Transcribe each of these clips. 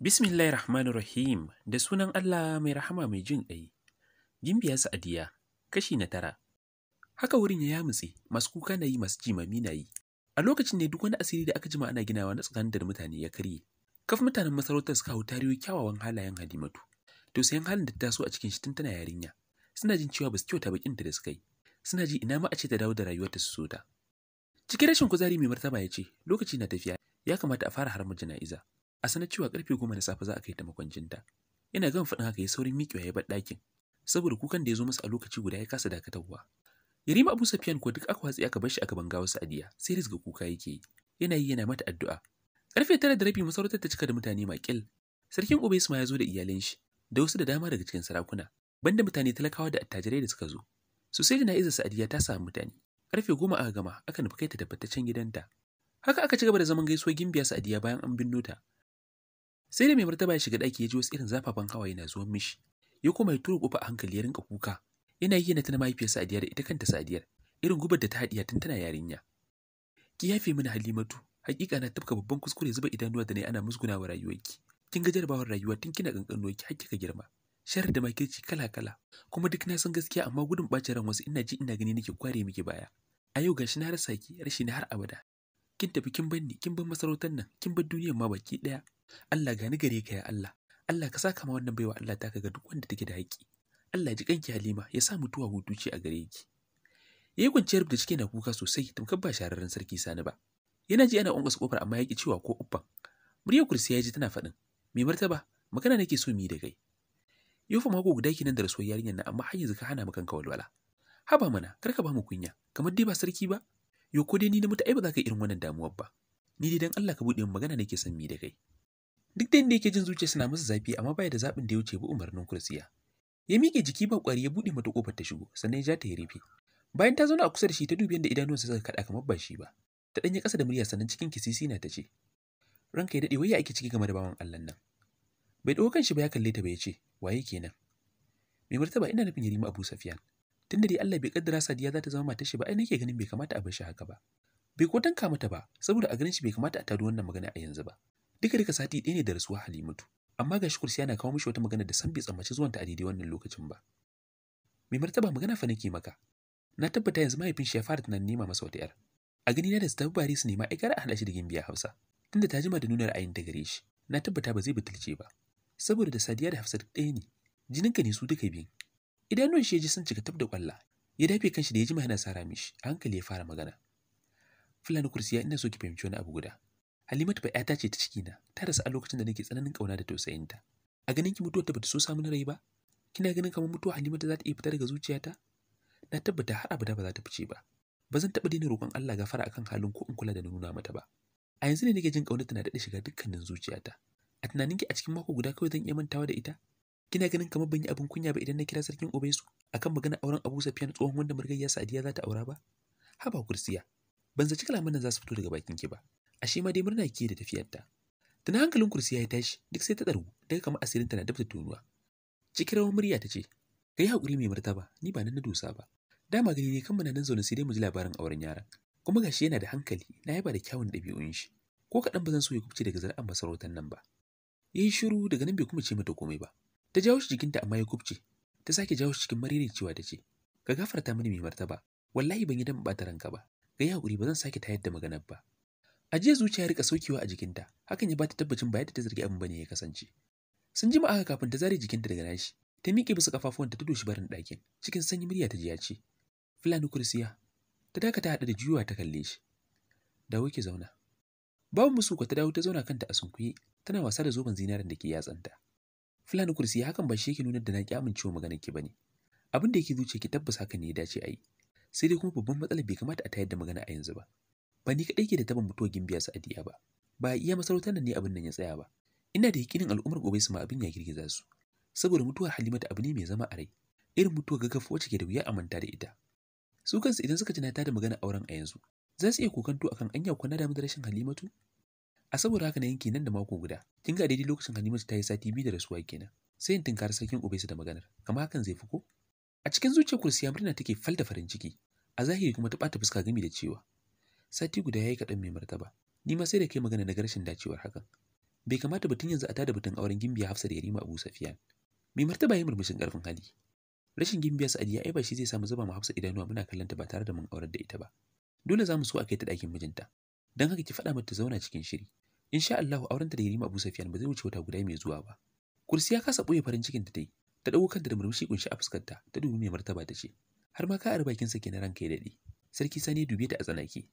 Bismillahir Rahmanir Rahim da sunan Allah mai rahama mai jin ƙai. Gimbiya Sa'adiya, kashi na tara. Haka wurin ya yamutse, masu kuka na yi masu jimami na yi. A lokacin ne duk wani asiri da aka jima ana ginawa na tsakanin da mutane ya karye. Kaf mutanen masarautar suka hau riyo kyawawan halayen Halimatu. To sayan halin da ta taso a cikin shi tun tana yarinya. Suna jin cewa ba su kyauta bakin da suka yi. suna ji ina ma a ce ta dawo da rayuwarta su ta. Cikin rashin kuzari mai martaba ya ce lokaci na tafiya ya kamata a fara harmar jana'iza. A sanar cewa karfe goma na safe za a kai ta makwancinta. Ina gan faɗin haka ya saurin miƙewa ya bar ɗakin saboda kukan da ya zo masa a lokaci guda ya kasa dakatarwa. Yarima Abu Safiyan ko duk aka watsi aka bar shi aka banga wasu adiya sai rizga kuka yake yi. Yana yi yana mata addu'a. Karfe tara da rabi masarautar ta cika da mutane maƙil. Sarkin Ubaisma ya zo da iyalan shi da wasu da dama daga cikin sarakuna banda mutane talakawa da attajirai da suka zo. Sosai da iza Sa'adiya ta samu mutane. Karfe goma aka gama aka nufi kai ta tabbataccen gidanta. Haka aka ci gaba da zaman gaisuwar gimbiya Sa'adiya bayan an binno ta. Sai da mai martaba ya shiga daki ya ji wasu irin zafafan hawa yana zuwan mishi. Ya koma ya tura kufa a hankali ya rinka kuka. Yana yi na tana mahaifiyar Sa'adiya da ita kanta Sa'adiyar. Irin gubar da ta haɗiya tun tana yarinya. Ki yafe mini Halimatu. Hakika na tafka babban kuskure zuba idanuwa da ne ana musguna wa rayuwarki. Kin ga jarabawar rayuwa tun kina kankanuwa ki har kika girma. shar da makirci kala-kala kuma duk na san gaskiya amma gudun ɓacin ran wasu ina ji ina gani nake kware miki baya a yau gashi na rasa ki rashi na har abada kin tafi kin ban ni kin ban masarautar nan kin ban duniyar ma baki daya Allah gani gare ka ya Allah Allah ka saka ma wannan baiwa Allah ta ga duk wanda take da haƙi Allah ji kanki Halima ya sa mutuwa hutu ce a gare ki yayi kwanciyar da cike na kuka sosai tamkar ba shararren sarki sani ba yana ji ana ƙwanƙwasa kofar amma ya cewa ko uffan muryar kursi ji tana faɗin mai martaba magana nake so mu yi da kai Yau mako guda nan da rasuwar yarinyar nan amma har yanzu ka hana mu kanka walwala. Haba mana, kar ka ba mu kunya, kamar dai ba sarki ba. Yo ko dai ni na mutu ai ba za ka irin wannan damuwar ba. Ni dai dan Allah ka bude min magana nake son mi da kai. Duk da inda yake jin zuciya suna masa zafi amma baya da zaɓin da ya wuce bi umarnin kursiya. Ya miƙe jiki ba ƙwari ya buɗe mata kofar ta shigo sannan ya ja ta ya rufe. Bayan ta zauna a kusa da shi ta dubi yadda idanuwansa suka kada kamar ba shi ba. Ta ɗanye kasa da murya sannan cikin kisisi na ta ce. Ranka ya dade wai ya ake ciki game da bawan Allah nan. Bai kan shi ba ya kalle ta bai ce. waye kenan mai martaba ina nufin yarima abu safiyan tunda dai Allah bai kaddara sadiya za ta zama matar shi ba ai nake ganin bai kamata a bar shi haka ba bai ko tanka mata ba saboda a ganin shi bai kamata a taro wannan magana a yanzu ba duka duka sati ɗaya ne da rasuwa halimatu amma ga shukur yana kawo mishi wata magana da san bai tsammaci ta a daidai wannan lokacin ba mai martaba magana fa nake maka na tabbata yanzu mahaifin shi ya fara tunanin nema masa wata yar a gani na da su tafi bari su nema ai kar a haɗa shi da gimbiya hausa tunda ta jima da nuna ra'ayin ta gare shi na tabbata ba zai butulce ba saboda da Sadiya da Hafsat ɗaya ne. Jininka ne su duka biyun. Idanuwan shi ya ji sun cika tab da kwalla. Ya dafe kanshi da ya ji yana sara mishi, a hankali ya fara magana. Fulani kursiya ina so ki fahimci wani abu guda. Halimatu ba ƴata ce ta ciki na, ta rasa a lokacin da nake tsananin ƙauna da tausayinta. A ganin ki mutuwar ta bata so samun rai ba? Kina ganin kamar mutuwa Halimatu za ta iya fita daga zuciyata? Na tabbata har abada ba za ta fice ba. Ba zan taɓa daina roƙon Allah gafara akan halin ko in kula da na nuna mata ba. A yanzu ne nake jin ƙaunar tana daɗa shiga dukkanin zuciyata. a tunanin ki a cikin mako guda kawai zan iya mantawa da ita kina ganin kamar ban yi abin kunya ba idan na kira sarkin obaisu akan magana auren abu safiyan tsohon wanda murgayya sadiya za ta aura ba haba kursiya ban zaci kalaman nan za su fito daga bakin ki ba ashe ma dai murna ke da tafiyarta tana hankalin kursiya ya tashi duk sai ta tsargu, daga kamar asirin ta na dabta tonuwa cikin rawar murya ta ce Ka yi hakuri mai martaba ni ba nan na dusa ba dama gani ne kan nan zaune sai dai mu ji labarin auren yaran kuma gashi yana da hankali na yaba da kyawun ɗabi'un shi ko kaɗan ba zan so ya kubce daga zara'an masarautar nan ba ya yi shiru daga nan bai kuma ce mata komai ba ta jawo shi jikinta amma ya kubce ta sake jawo shi cikin maririn cewa ta ce ka gafarta mini mai martaba wallahi ban yi dan bata ranka ba ga hakuri ba zan sake tayar da maganar ba a jiya zuciya rika saukewa a jikinta hakan ya bata tabbacin ba yadda ta zargi abin bane ya kasance sun jima aka kafin ta zare jikinta daga nashi ta miƙe bisa kafafuwanta ta doshi barin ɗakin cikin sanyi murya ta ji ce fulani kursiya ta dakata haɗa da juyawa ta kalle shi dawo ki zauna babu musu ta dawo ta zauna kanta a sunkuye tana wasa da zoben zinarin da ke yatsanta fulani kursi hakan ba shi yake nuna da na ki amincewa maganar ki bane abin da yake zuciya ki tabbas hakan ne ya dace a yi sai dai kuma babban matsalar bai kamata a tayar da magana a yanzu ba ba ni kaɗai ke da taban mutuwar gimbiya su sa'adiya ba ba a iya masarautar nan ne abin nan ya tsaya ba ina da yakinin al'ummar gobe su ma abin ya girgiza su saboda mutuwar halimatu abu ne mai zama a rai irin mutuwar gaggafa wacce ke da wuya a manta da ita su kansu idan suka ji na tada magana auren a yanzu za su iya kokanto akan anya kwana da rashin halimatu a saboda haka na yanke nan da mako guda kin ga daidai lokacin Halima ta yi sati biyu da rasuwa kenan sai in tunkari sarkin Ubaisa da maganar kama hakan zai fi ko a cikin zuciyar kursiya murna take da farin ciki a zahiri kuma ta bata fuska gami da cewa sati guda ya yi kaɗan mai martaba ni ma sai da kai magana na garshin dacewar hakan bai kamata batun yanzu a tada batun auren gimbiya Hafsa da Yarima Abu Safiyan mai martaba yayi murmushin karfin hali rashin gimbiya Sa'adiya ai ba shi zai samu zuba mu Hafsa idanuwa muna kallon ta ba tare da mun aurar da ita ba dole za mu so a kai ta ɗakin mijinta don haka ki faɗa mata zauna cikin shiri insha auren ta da Yarima Abu Sufyan ba zai wuce wata guda mai zuwa ba kursi ya kasa boye farin cikin ta dai ta dauko kanta da murmushi kunshi a fuskarta ta dubi mai martaba ta ce har ma ka arba kin sake na ranka ya dade sarki sani dube ta a tsanaki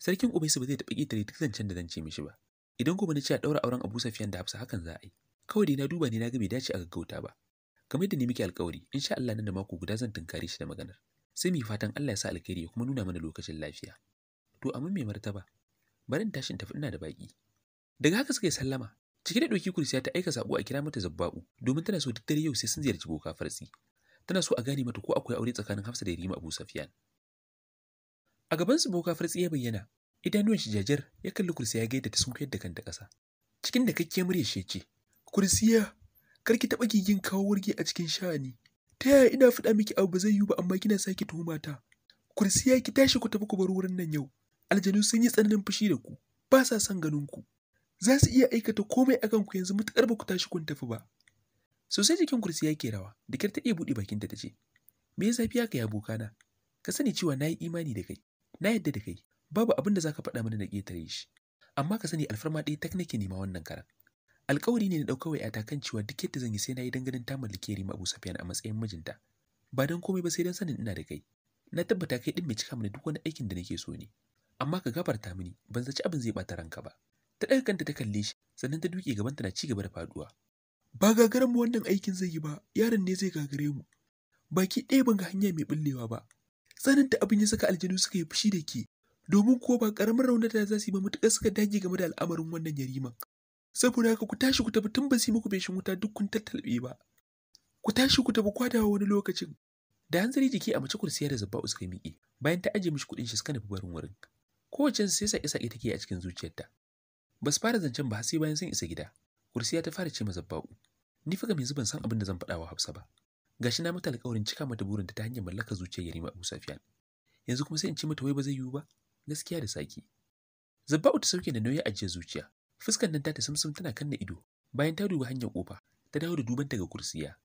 sarkin Ubaisu ba zai taɓa ƙetare duk zancen da zan ce mishi ba idan kuma na ce a ɗaura auren Abu Safiyan da Hafsa hakan za a yi kawai dai na duba ne na ga bai dace a gaggauta ba kamar yadda ni muke alƙawari insha Allah nan da mako guda zan tunkare shi da maganar sai mu fatan Allah ya sa alkhairi ya kuma nuna mana lokacin lafiya to amma mai martaba bari tashin tafi ina da baki daga haka suka yi sallama cike da ɗauki kursiya ta aika sako a kira mata zabba'u domin tana so duk dare yau sai sun ziyarci boka farsi tana so a gane mata ko akwai aure tsakanin hafsa da rima abu safiyan a gaban su boka farsi ya bayyana idanuwan shi jajar ya kalli kursiya ga yadda ta sunkuyar da kanta ƙasa cikin da kakkiyar murya shi ce kursiya kar ki taɓa gigin kawo wurgi a cikin sha'ani ta yaya ina faɗa miki abu ba zai yiwu ba amma kina sake tuhuma ta kursiya ki tashi ku tafi ku bar wurin nan yau aljanu sun yi tsananin fushi da ku ba sa son ganin ku za su iya aikata komai a kanku yanzu matuƙar ba ku tashi kun tafi ba. Sosai jikin kursi ya ke rawa, da ta iya buɗe bakinta ta ce, Me ya zafi haka ya boka na Ka sani cewa na yi imani da kai, na yadda da kai, babu abin da za ka faɗa mana na ƙetare shi. Amma ka sani alfarma ɗaya tak nake nema wannan karan. Alƙawari ne na ɗauka wa ‘yata kan cewa duk yadda zan yi sai na yi dangane ta mallake Rima Abu Safiyan a matsayin mijinta. Ba don komai ba sai don sanin ina da kai. Na tabbata kai ɗin mai cika mana duk wani aikin da nake so ne. Amma ka gafarta mini, ban zaci abin zai ɓata ranka ba. ta ɗaga kanta ta kalle shi sannan ta duke gaban tana ci gaba da faduwa ba gagaran mu wannan aikin zai yi ba yaron ne zai gagare mu baki ɗaya ban ga hanya mai bullewa ba tsananta abin ya saka aljanu suka yi fushi da ke domin ko ba ƙaramin raunata za su yi ba matuƙar suka dage game da al'amarin wannan yariman saboda haka ku tashi ku tafi tun ba su muku feshin wuta duk kun tattalbe ba ku tashi ku tafi kwadawa wani lokacin da hanzari jiki a mace kursiya da zabba suka miƙe bayan ta ajiye mishi kuɗin shi suka nufi barin wurin kowace sai sa isa ita a cikin zuciyarta ba su fara zancen ba sai bayan sun isa gida kursiya ta fara ce ma zabbaku ni fa yanzu zuban san abin da zan faɗa wa hafsa ba gashi na mata alƙawarin cika mata burinta ta hanyar mallaka zuciyar yarima abu safiyan yanzu kuma sai in ce mata wai ba zai yiwu ba gaskiya da saki zabba'u ta sauke da nauyi ajiyar zuciya fuskar nan ta ta samsam tana kanna ido bayan ta duba hanyar kofa ta dawo da duban daga kursiya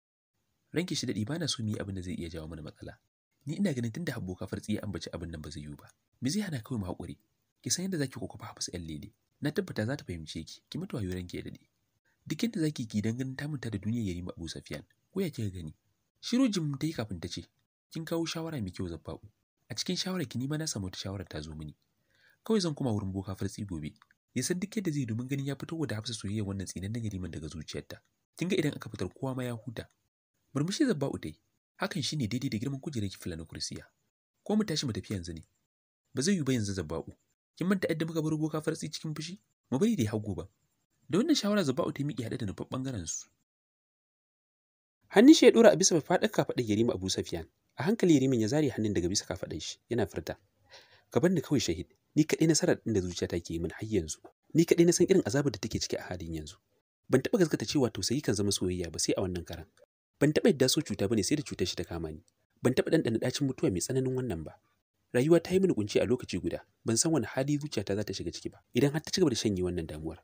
ranke shi daɗi bana so mu yi abin da zai iya jawo mana matsala ni ina ganin tunda haboka kafar tsiya an baci abin nan ba zai yiwu ba me zai hana kawai mu haƙuri ki san yadda zaki kokofa hafsa yan lele na tabbata za ta fahimce ki ki mutu wayo ranki ya dade duk yadda zaki ki dan ganin ta manta da duniyar yarima Abu Safiyan ko ya kika gani shiru jim ta yi kafin ta ce kin kawo shawara mai kyau zabbabu a cikin shawarar ki ma na samu ta shawara ta zo mini kawai zan kuma wurin boka fartsi gobe ya san duk yadda zai domin ganin ya fito da Hafsa soyayya wannan tsinannen yariman daga zuciyarta kin ga idan aka fitar kowa ma ya huta murmushi zabba'u dai hakan shine daidai da girman kujerar ki fulani kursiya ko mu tashi mu tafi yanzu ne ba zai yi ba yanzu zabba'u kin manta yadda muka bar ka farsi cikin fushi mu bari dai hagu ba da wannan shawara zuba, ta miƙe hada da nufar bangaren su hannun shi ya ɗora a bisa faɗar kafaɗar yarima abu safiyan a hankali yarimin ya zare hannun daga bisa kafaɗar shi yana furta ka bar ni kawai shahid ni kaɗai nasarar ɗin da take ke min har yanzu ni kaɗai na san irin azabar da take ciki a halin yanzu ban taɓa gaskata cewa tausayi kan zama soyayya ba sai a wannan karan ban taɓa yadda so cuta bane sai da cutar shi ta kama ni ban taɓa ɗanɗana ɗacin mutuwa mai tsananin wannan ba rayuwa ta yi mini kunci a lokaci guda ban san wani hali zuciyata za ta shiga ciki ba idan har ta cigaba da shanye wannan damuwar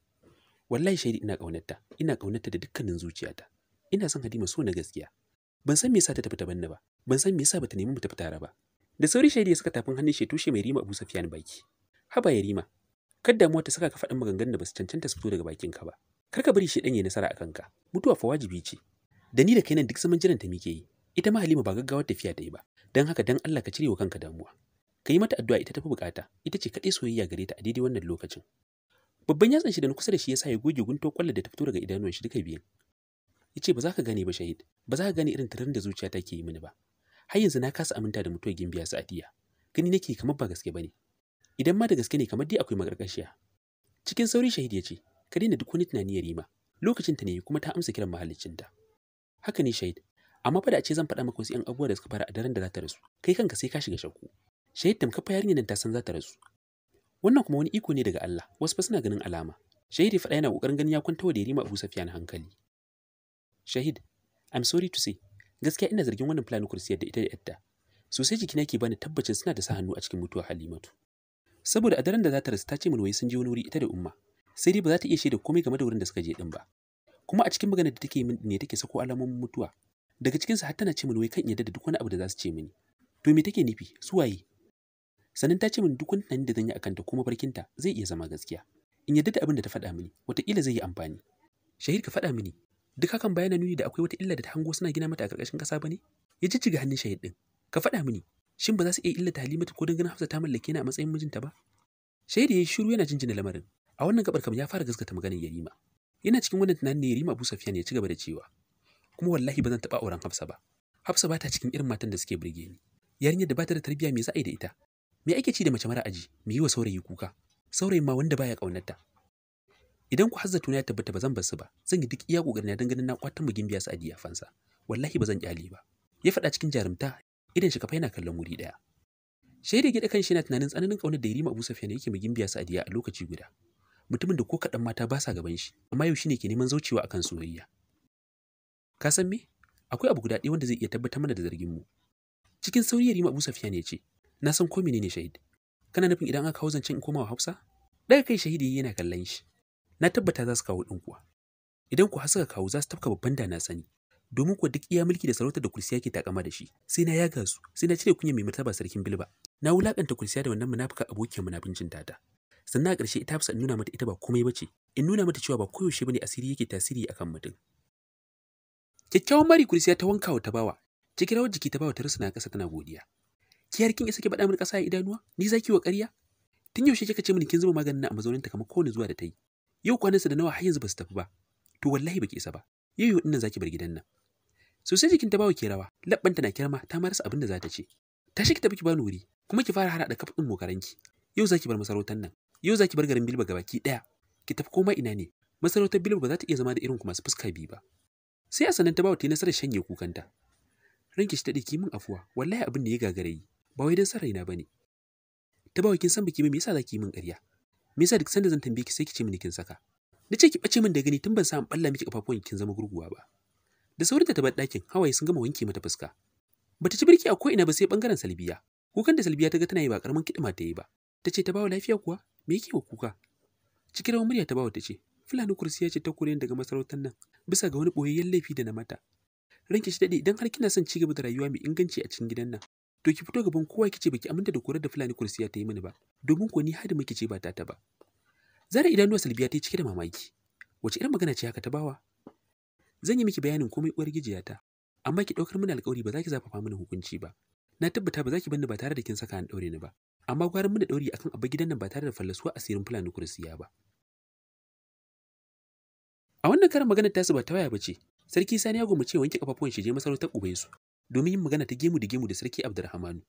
wallahi shaidi ina kaunarta ina kaunarta da dukkanin zuciyata ina son Hadima so na gaskiya ban san me yasa ta tafi ta banna ba ban san me yasa bata nemi mu tafi tare ba da sauri shaidi ya saka tafin hannun shi tushe mai rima Abu Safiyan baki haba ya rima kar damuwa ta saka ka faɗin maganganun da basu cancanta su fito daga bakin ka ba kar ka bari shi dan yayi nasara a kanka mutuwa fa wajibi ce da ni da kai nan duk zaman jiran ta muke yi ita ma Halima ba gaggawar tafiya ta yi ba dan haka dan Allah ka cire wa kanka damuwa ka yi mata addu'a ita tafi bukata ita ce kaɗai soyayya gare ta a daidai wannan lokacin babban yatsan shi da na kusa da shi yasa ya goge guntun kwallon da ta fito daga idanuwan shi duka biyun. ya ce ba za ka gane ba shahid ba za ka gane irin tarin da zuciya ke yi mini ba har yanzu na kasa aminta da mutuwar gimbiya su Adiya. gani nake kamar ba gaske ba ne. idan ma da gaske ne kamar dai akwai magarkashiya cikin sauri shahid ya ce ka daina duk wani tunani ya rima lokacin ta ne kuma ta amsa kiran mahaliccinta. haka ne shahid amma fa da a ce zan faɗa maka wasu 'yan abubuwa da suka fara a daren da za ta rasu kai kanka sai ka shiga shakku shahid tamka fa yarinyar ta san za ta rasu wannan kuma wani iko ne daga Allah wasu fa suna ganin alama shahid faɗa yana kokarin ganin ya kwanta wa da Yarima Abu Sufyan hankali shahid I'm sorry to say gaskiya ina zargin wannan plan kursiyar da ita da yadda sosai jikina ke bani tabbacin suna da sa hannu a cikin mutuwar Halimatu saboda a daren da za ta rasu ta ce min wai sun je wani wuri ita da umma sai dai ba za ta iya shaida komai game da wurin da suka je din ba kuma a cikin maganar da take min ne take sako alamomin mutuwa daga cikin su har tana ce min wai kan yadda da duk wani abu da za su ce mini to me take nufi su waye sannan ta ce min duk wani da zan yi a kanta ko barkinta zai iya zama gaskiya in yadda da abin da ta faɗa mini wataƙila zai yi amfani shahid ka faɗa mini duk hakan bayan nuni da akwai wata illa da ta hango suna gina mata a ƙarƙashin ƙasa ba ne? ya jijjiga hannun shahid ɗin. ka faɗa mini shin ba za su iya illata halimatu ko dangana hafsa ta mallake ni a matsayin mijinta ba shahid ya yi shiru yana jinjina lamarin a wannan gabar kam ya fara gaskata maganar yarima yana cikin wannan tunanin ne yarima abu safiya ya ci gaba da cewa kuma wallahi ba zan taɓa auren hafsa ba hafsa ba ta cikin irin matan da suke burge ni yarinyar da ba ta da tarbiyya me za a yi da ita me ake ci da mace mara aji me yi wa saurayi kuka saurayin ma wanda baya ta idan ku hazza na ya tabbata ba zan bar su ba zan yi duk iya kokarin dan ganin na kwatan bugin biya su a diyafansa wallahi ba zan kyale ba ya faɗa cikin jarumta idan shi kafa yana kallon wuri daya shaida gida kan shi yana tunanin tsananin kaunar da Yarima Abu Sufyan yake bugin biya su a diya a lokaci guda mutumin da ko kaɗan mata ba sa gaban shi amma yau shine ke neman zaucewa akan soyayya ka san me akwai abu guda ɗaya wanda zai iya tabbatar mana da zargin mu cikin sauri Yarima Abu Sufyan ya ce na san ko menene shahid kana nufin idan aka kawo zancen in komawa hausa daga kai shahidi yana kallon shi na tabbata za su kawo ɗin kuwa idan ku har suka kawo za su tafka babban da na sani domin ku duk iya mulki da sarautar da kursiya ke takama da shi sai na yaga su sai na cire kunya mai martaba sarkin bilba na wulakanta kursiya da wannan munafuka abokin munafincin tata sannan a ƙarshe ita hafsa in nuna mata ita ba komai bace in nuna mata cewa ba koyaushe bane asiri yake tasiri akan mutum kyakkyawan mari kursiya ta wanka wa bawa. cikin rawar jiki bawa ta na ƙasa tana godiya ki yarkin isa ki faɗa kasa ya idanuwa ni zaki ki wa ƙarya tun yaushe kika ce mini kin zuba maganin a mazaunin ta kamar kowane zuwa da ta yi yau kwanansa da nawa har yanzu ba su tafi ba to wallahi baki isa ba yau yau dinnan zaki bar gidan nan sosai jikin ta bawa ke rawa labbanta na kirma ta marasa abin da za ta ce ta shi ki tafi ki bani wuri kuma ki fara harada kaf mokaran ki yau zaki bar masarautar nan yau zaki bar garin Bilba gabaki daya ki tafi koma ina ne masarautar Bilba ba za ta iya zama da irin ku masu fuska biyu ba sai a sanan ta bawa ta nasarar shanye kukanta ranki shi ta min afuwa wallahi abin da ya gagare ba wai don san raina ba ta bawa kin san biki me yasa zaki yi min ƙarya me yasa duk sanda zan tambaye ki sai ki ce mini kin saka na ce ki bace min da gani tun ban san balla miki kafafuwan kin zama gurguwa ba da saurin ta bar ɗakin hawaye sun gama wanke mata fuska bata ci birki a ko ina ba sai bangaren salbiya kukan da salbiya ta ga tana yi ba karamin kidima ta yi ba ta ce ta bawa lafiya kuwa me yake wa kuka cikin rawar murya ta bawa ta ce fulani kursiya ce ta kure daga masarautar nan bisa ga wani boyayyen laifi da na mata ranki shi daɗe idan har kina son cigaba da rayuwa mai inganci a cikin gidan nan to ki fito gaban kowa kice baki aminta da korar da fulani kursiya ta yi mini ba domin ko ni hadi muke ce ba ta ta ba zara idanuwa salbiya ta yi cike da mamaki wace irin magana ce haka ta bawa zan yi miki bayanin komai uwar gijiyata amma ki daukar mini alƙawari ba za ki zafafa mini hukunci ba na tabbata ba za ki bani ba tare da kin saka an daure ni ba amma gwarin mini dauri akan abin gidan nan ba tare da fallasuwa asirin fulani kursiya ba a wannan karin maganar tasu ba ta waya ba ce sarki sani ya gomace wanke kafafuwan shi je masarautar ubansu domin yin magana ta gemu da gemu da sarki Abdulrahmanu.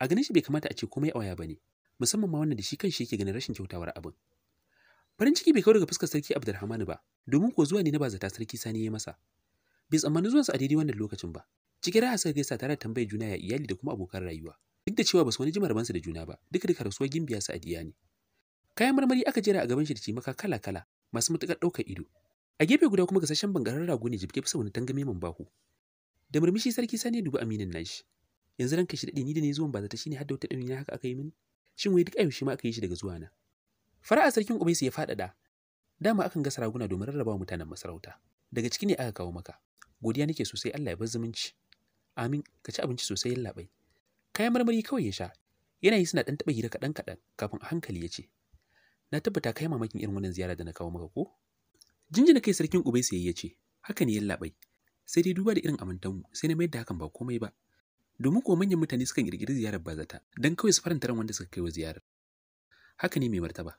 A ganin shi bai kamata a ce komai a waya ne, musamman ma wannan da shi kanshi yake ganin rashin kyautawar abin. Farin ciki bai kawo daga fuskar sarki Abdulrahmanu ba, domin ko zuwa ne na bazata sarki Sani ya masa. Bai tsammani zuwansa a daidai wannan lokacin ba. Cikin raha suka gaisa tare da tambayar juna ya iyali da kuma abokan rayuwa. Duk da cewa basu wani jimar bansa da juna ba, duka duka rasuwar gimbiya su a ne. Kayan marmari aka jera a gaban shi da cimaka kala-kala masu matuƙar ɗaukar ido. A gefe guda kuma gasasshen bangaran rago ne jibge bisa wani tangame man bahu. da murmushi sarki sani dubi aminin nashi yanzu ranka shi daɗe ni da ne zuwan ba zata shine da wata ɗauniya haka aka yi mini shin wai duk yaushe ma aka yi shi daga zuwa na fara'a sarkin ubaisu ya faɗaɗa dama akan ga saraguna domin rarrabawa mutanen masarauta daga ciki ne aka kawo maka godiya nake sosai Allah ya bar zumunci amin ka ci abinci sosai yallabai. kayan marmari kawai ya sha yana yi suna ɗan taɓa hira kaɗan kaɗan kafin a hankali ya ce na tabbata kai mamakin irin wannan ziyara da na kawo maka ko jinjina kai sarkin ubaisu ya ce haka ne bai sai dai duba da irin amintanmu sai na mayar da hakan ba komai ba domin kuwa manyan mutane sukan kirkiri ziyarar bazata don kawai su faranta ran wanda suka kai wa ziyarar haka ne mai martaba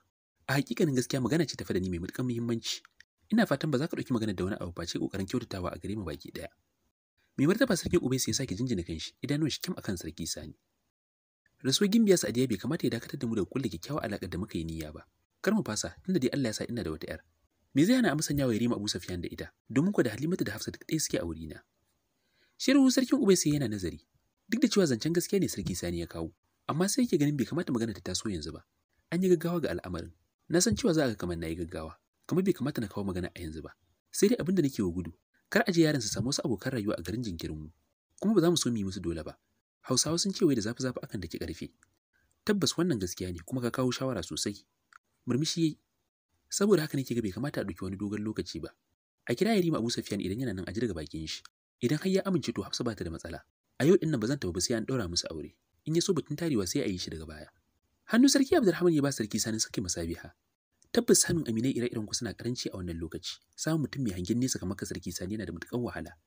a hakikanin gaskiya magana ce ta da ni mai mutukan muhimmanci ina fatan ba za ka ɗauki magana da wani abu ba ce ƙoƙarin kyautatawa a gare mu baki ɗaya mai martaba sarki ubai sai ya sake jinjina kanshi idanun shi kyam akan sarki sani rasuwar gimbiya sadiya bai kamata ya dakatar da mu da kulle kyakkyawa alaƙar da muka yi niyya ba kar mu fasa tunda dai Allah ya sa ina da wata 'yar Me zai hana amsan yawa Yarima Abu Sufyan da ita? Domin ku da Halimatu da Hafsa duk kaɗai suke a na Shiru sarkin Ubay sai yana nazari. Duk da cewa zancen gaskiya ne sarki Sani ya kawo, amma sai yake ganin bai kamata magana ta taso yanzu ba. An yi gaggawa ga al'amarin. Na san cewa za a ga kamar na yi gaggawa, kamar bai kamata na kawo magana a yanzu ba. Sai dai abinda da nake wa gudu, kar a je yaran su samu wasu abokan rayuwa a garin jinkirinmu. Kuma ba za mu so mu yi musu dole ba. Hausawa sun ce wai da zafi-zafi akan ke ƙarfe. Tabbas wannan gaskiya ne kuma ka kawo shawara sosai. Murmushi saboda haka nake ga bai kamata a ɗauki wani dogon lokaci ba a kira yarima abu safiyan idan yana nan a jirga bakin shi idan har ya amince to hafsa bata da matsala a yau ɗin nan ba zan tafi ba sai an ɗaura musu aure in ya so batun tarewa sai a yi shi daga baya hannu sarki abdulrahman ya ba sarki sani sake masabiha tabbas samun aminai ire-iren ku suna karanci a wannan lokaci samun mutum mai hangen nesa kamar ka sarki sani yana da matuƙar wahala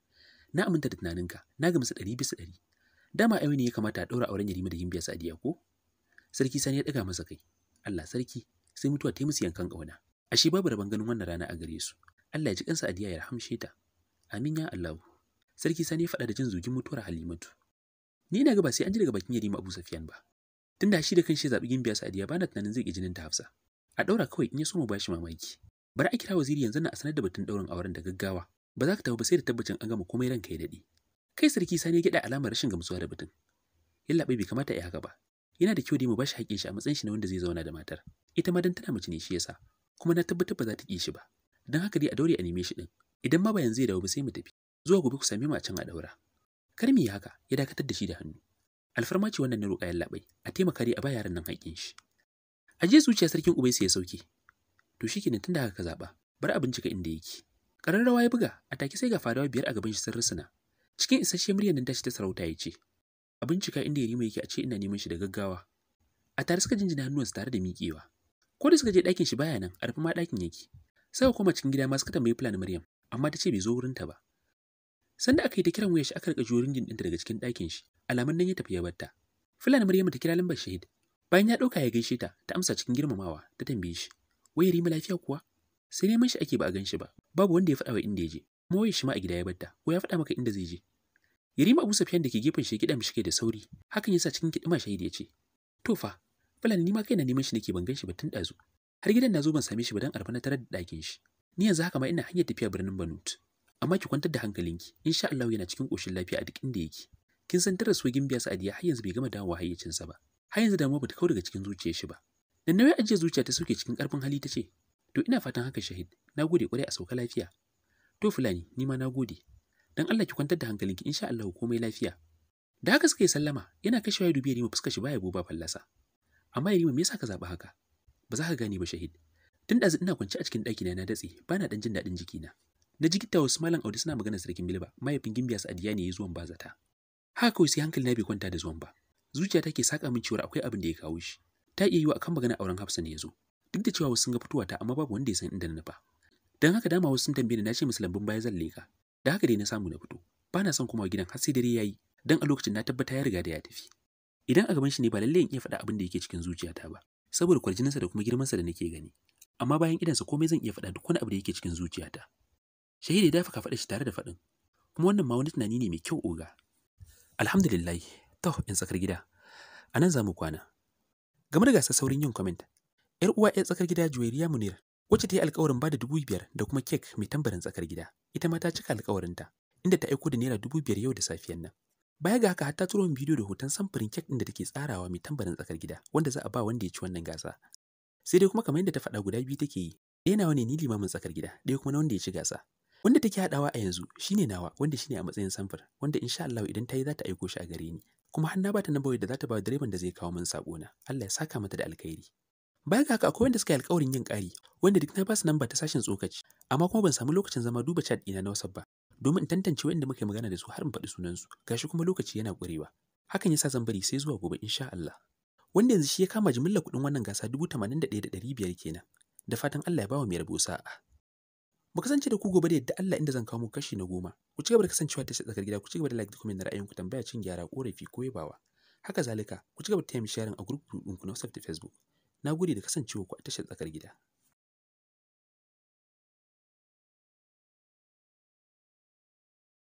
na aminta da tunaninka na gamsu ɗari bisa ɗari dama ayo ne ya kamata a ɗaura auren yarima da gimbiya sadiya ko sarki sani ya ɗaga masa kai allah sarki sai mutuwa ta yi musu yankan ƙauna ashe babu rabon ganin wannan rana a gare su Allah ya ji kansa adiya ya rahamshe ta amin ya Allah sarki sani faɗa da jin zugin mutuwar Halimatu ni na ga ba sai an ji daga bakin Yarima Abu Sufyan ba tunda shi da kanshi zabi gimbiya Sadiya bana tunanin zai ki jinin ta Hafsa a daura kawai in ya so mu bashi mamaki bari a kira waziri yanzu na a sanar da batun daurin auren da gaggawa ba za ka tafi ba sai da tabbacin an gama komai ranka ya daɗe kai sarki sani ya gida alamar rashin gamsuwa da batun yalla bai kamata ya haka ba yana da kyau dai mu bashi haƙƙin shi a matsayin shi na wanda zai zauna da matar ita ma dan tana mace ne shi yasa kuma na tabbatar ba za ta ƙi shi ba don haka dai a daure a neme shi din idan ma ba yanzu ya dawo ba sai mu tafi zuwa gobe ku same mu a can a daura kar mu yi haka ya dakatar da shi da hannu alfarma ce wannan na roƙayen labai a taimaka dai a ba yaran nan haƙƙin shi a je zuciya sarkin sai ya sauke to shi kenan tunda haka ka zaɓa bar a bincika inda yake ƙararrawa ya buga a take sai ga fadawa biyar a gaban shi sun rusuna cikin isasshen muryar nan tashi ta sarauta ya ce a bincika inda yarima yake a ce ina neman shi da gaggawa a tare suka jinjina hannuwansu tare da miƙewa ko da suka je ɗakin shi baya nan a rufe ma ɗakin yake sai ka koma cikin gida ma suka tambayi fulani maryam amma ta ce bai zo wurinta ba sanda aka yi ta kiran wuya shi aka rika jiyo ringin daga cikin ɗakin shi alamun nan ya tafi ya barta fulani maryam ta kira lambar shahid bayan ya ɗauka ya gaishe ta ta amsa cikin girmamawa ta tambaye shi wai rima lafiya kuwa sai neman shi ake ba a gan shi ba babu wanda ya faɗa wa inda ya je kuma wai shi ma a gida ya batta. ko ya faɗa maka inda zai je Yarima Abu Sufyan da ke gefen shi kiɗa mishi da sauri, hakan yasa cikin kiɗima shahid ya ce, To fa, Falan ni ma kaina neman shi nake ban gan ba tun dazu. Har gidan na zo ban same shi ba don arfa na tarar da dakin shi. Ni yanzu haka ma ina hanyar tafiya birnin Banut. Amma ki kwantar da hankalinki, insha Allah yana cikin ƙoshin lafiya a duk inda yake. Kin san tarar so gimbiya adiya har yanzu bai gama dawowa hayyacinsa ba. Har yanzu damuwa bata kawo daga cikin zuciyar shi ba. Da nauyi ajiye zuciya ta soke cikin ƙarfin hali ta ce, To ina fatan haka shahid, na gode kwarai a sauka lafiya. To Fulani, ni ma na gode. Dan Allah ki kwantar da hankalinki insha Allah komai lafiya. Da haka suka yi sallama, yana kashewa ya dubi ya rima fuskar shi baya buba fallasa. Amma Yarima me yasa ka zaɓi haka? Ba za ka gane ba shahid. Tun ɗazu ina kwance a cikin ɗakina na datse, ba na ɗan jin daɗin jikina. Na ji gittawa su Malam audi suna magana sarkin Bilba, mahaifin Gimbiya Sa'adiya ne ya zuwan ba zata. Haka kawai sai hankali na bai kwanta da zuwan ba. Zuciya take saka min cewa akwai abin da ya kawo shi. Ta iya yiwa akan magana auren Hafsa ne ya zo. Duk da cewa wasu sun ga fitowa ta amma babu wanda ya san inda na nufa. Dan haka dama wasu sun tambaye ni na ce musu lambun baya zan leka. Da haka dai na samu na fito. Ba na son kuma gidan har sai dare yayi. Dan a lokacin na tabbata ya riga da ya tafi. idan a gaban shi ne ba lallai in iya faɗa abin da yake cikin zuciyata ba saboda kwarjininsa da kuma girmansa da nake gani amma bayan idansa komai zan iya faɗa duk wani abu da yake cikin zuciyata shahida ya dafa ka faɗa shi tare da faɗin kuma wannan ma wani tunani ne mai kyau oga alhamdulillah to in tsakar gida a nan za mu kwana game da gasar saurin yin comment yar uwa yar tsakar gida juwairiya munir wacce ta yi alkawarin ba da dubu biyar da kuma kek mai tambarin tsakar gida ita ma ta cika alkawarinta inda ta aiko da naira dubu biyar yau da safiyan nan Baya ga haka ta turo min bidiyo da hoton samfurin kek ɗin da take tsarawa mai tambarin tsakar gida wanda za a ba wanda ya ci wannan gasa. Sai dai kuma kamar yadda ta faɗa guda biyu take yi, ɗaya nawa ne ni limamin tsakar gida, ɗaya kuma na wanda ya ci gasa. Wanda take haɗawa a yanzu ne nawa wanda shine a matsayin samfur wanda sha Allah idan ta yi za ta aiko shi a gare ni. Kuma har na ta na bawai da za ta ba direban da zai kawo min saƙo na. Allah ya saka mata da alkhairi. Baya ga haka akwai wanda suka yi alƙawarin yin ƙari wanda duk na ba su namba ta sashen tsokaci amma kuma ban samu lokacin zama duba chat ɗina na ba domin tantance wanda muka yi magana da su har in faɗi sunansu gashi kuma lokaci yana ƙurewa hakan yasa zan bari sai zuwa gobe insha Allah wanda yanzu shi ya kama jimilla kuɗin wannan gasa dubu tamanin da ɗaya da ɗari biyar kenan da fatan Allah ya bawa mai rabo sa'a mu kasance da ku gobe da yadda Allah inda zan kawo muku kashi na goma ku ci gaba da kasancewa ta tsakar gida ku ci gaba da like da comment da ra'ayinku tambaya cin gyara korafi ko yabawa haka zalika ku ci gaba da taya mi sharing a group ɗinku na WhatsApp da Facebook na gode da kasancewa ku a tashar tsakar gida